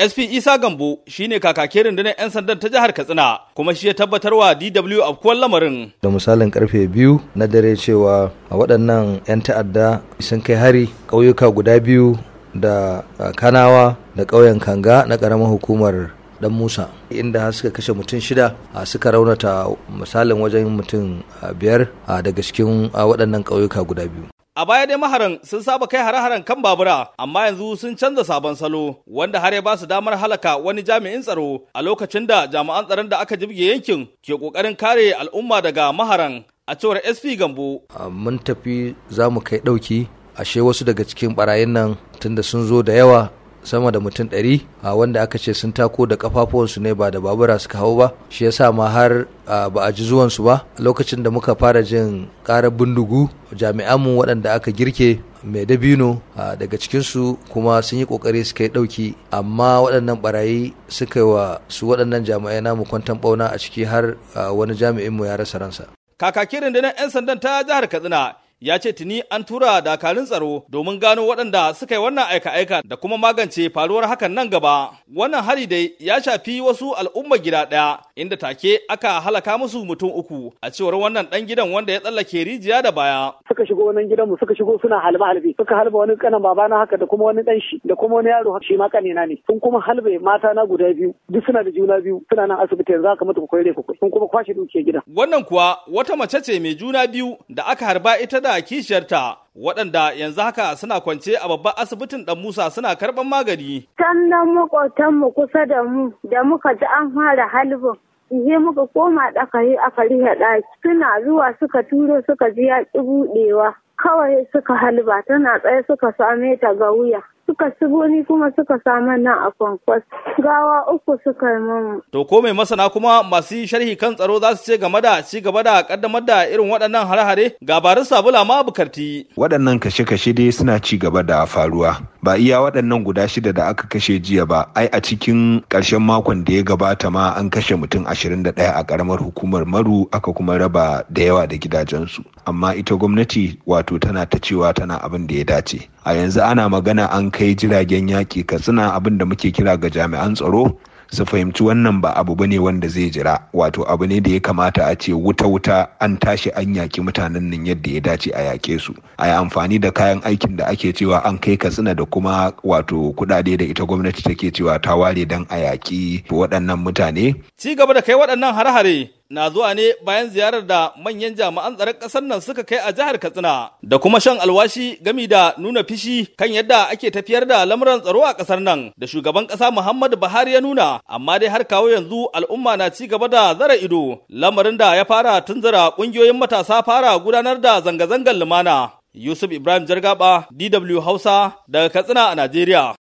SP Isa Gambo shine kakakin rundunar 'yan sandan ta jihar Katsina kuma shi ya tabbatar wa DW afkuwar lamarin. Da misalin karfe biyu na dare cewa a waɗannan 'yan ta'adda sun kai hari ƙauyuka guda biyu da kanawa da ƙauyen kanga na ƙaramar hukumar dan musa inda har suka kashe mutum shida a suka raunata misalin wajen mutum biyar daga cikin waɗannan ƙauyuka guda biyu A baya dai maharan sun saba kai hare-haren kan babura, amma yanzu sun canza sabon salo, wanda har ya ba su damar halaka wani jami'in tsaro a lokacin da jami'an tsaron da aka jibge yankin ke ƙoƙarin kare al'umma daga maharan. A cewar SP Gambo. Mun tafi za mu kai ɗauki, ashe wasu daga cikin barayin nan tunda sun zo da yawa sama da mutum ɗari a wanda aka ce sun tako da kafafuwansu ne ba da babura suka hau ba shi yasa ma har ba a ji zuwansu ba lokacin da muka fara jin ƙarar bindigu jami'anmu waɗanda aka girke mai dabino daga cikinsu kuma sun yi ƙoƙari suka yi ɗauki amma waɗannan barayi suka yi wa su waɗannan jami'ai namu kwantan ɓauna a ciki har wani jami'inmu ya rasa ransa. Kakakin rundunar 'yan sandan ta jihar Katsina ya ce tuni an tura dakarun tsaro domin gano waɗanda suka yi wannan aika-aika da kuma magance faruwar hakan nan gaba. Wannan hari dai ya shafi wasu al'umma gida ɗaya inda take aka halaka musu mutum uku a cewar wannan ɗan gidan wanda ya tsallake rijiya da baya. Suka shigo wannan gidanmu suka shigo suna halba halbe suka halba wani kanan babana haka da kuma wani ɗan shi da kuma wani yaro shi ma kanina ne sun kuma halbe mata na guda biyu duk suna da juna biyu suna nan asibiti yanzu aka mutu kwaire kwakwai sun kuma kwashe dukiyar gidan. Wannan kuwa wata mace ce mai juna biyu da aka harba ita da da kishiyarta waɗanda yanzu haka suna kwance a babban asibitin ɗan Musa suna karɓan magani. Can nan maƙotanmu kusa da mu da muka ji an fara halibin. Ihe muka koma ɗakari aka rihe ɗaki suna zuwa suka turo suka ji yaƙi buɗewa. Kawai suka halba tana tsaye suka same ta ga wuya. suka shigo ni kuma suka samu nan a kwankwas gawa uku suka yi mamu. To ko mai masana kuma masu sharhi kan tsaro za su ce game da ci gaba da kaddamar da irin waɗannan hare ga gabarin sabula ma bukarti. Waɗannan kashe-kashe dai suna ci gaba da faruwa ba iya waɗannan guda shida da aka kashe jiya ba ai a cikin ƙarshen makon da ya gabata ma an kashe mutum 21 a ƙaramar hukumar maru aka kuma raba da yawa da gidajensu amma ita gwamnati wato tana ta cewa tana abin da ya dace a yanzu ana magana an kai jiragen yaƙi katsina abin da muke kira ga jami'an tsaro su fahimci wannan ba abu bane wanda zai jira wato abu ne da ya kamata a ce wuta-wuta an tashi an yaki mutanen nan yadda ya dace a yake su a yi amfani da kayan aikin da ake cewa an kai katsina da kuma wato kudade da ita gwamnati take cewa ta ware dan a yaki waɗannan mutane ci gaba da kai waɗannan hare-hare na zuwa ne bayan ziyarar da manyan jami'an tsaron ƙasar nan suka kai a jihar Katsina da kuma shan alwashi gami da nuna fishi kan yadda ake tafiyar da lamuran tsaro a ƙasar nan da shugaban ƙasa Muhammadu Buhari ya nuna amma dai har kawo yanzu al'umma na ci gaba da zara ido lamarin da ya fara zara ƙungiyoyin matasa fara gudanar da zanga-zangar lumana. Yusuf Ibrahim Jargaba, DW Hausa, daga Katsina a Najeriya.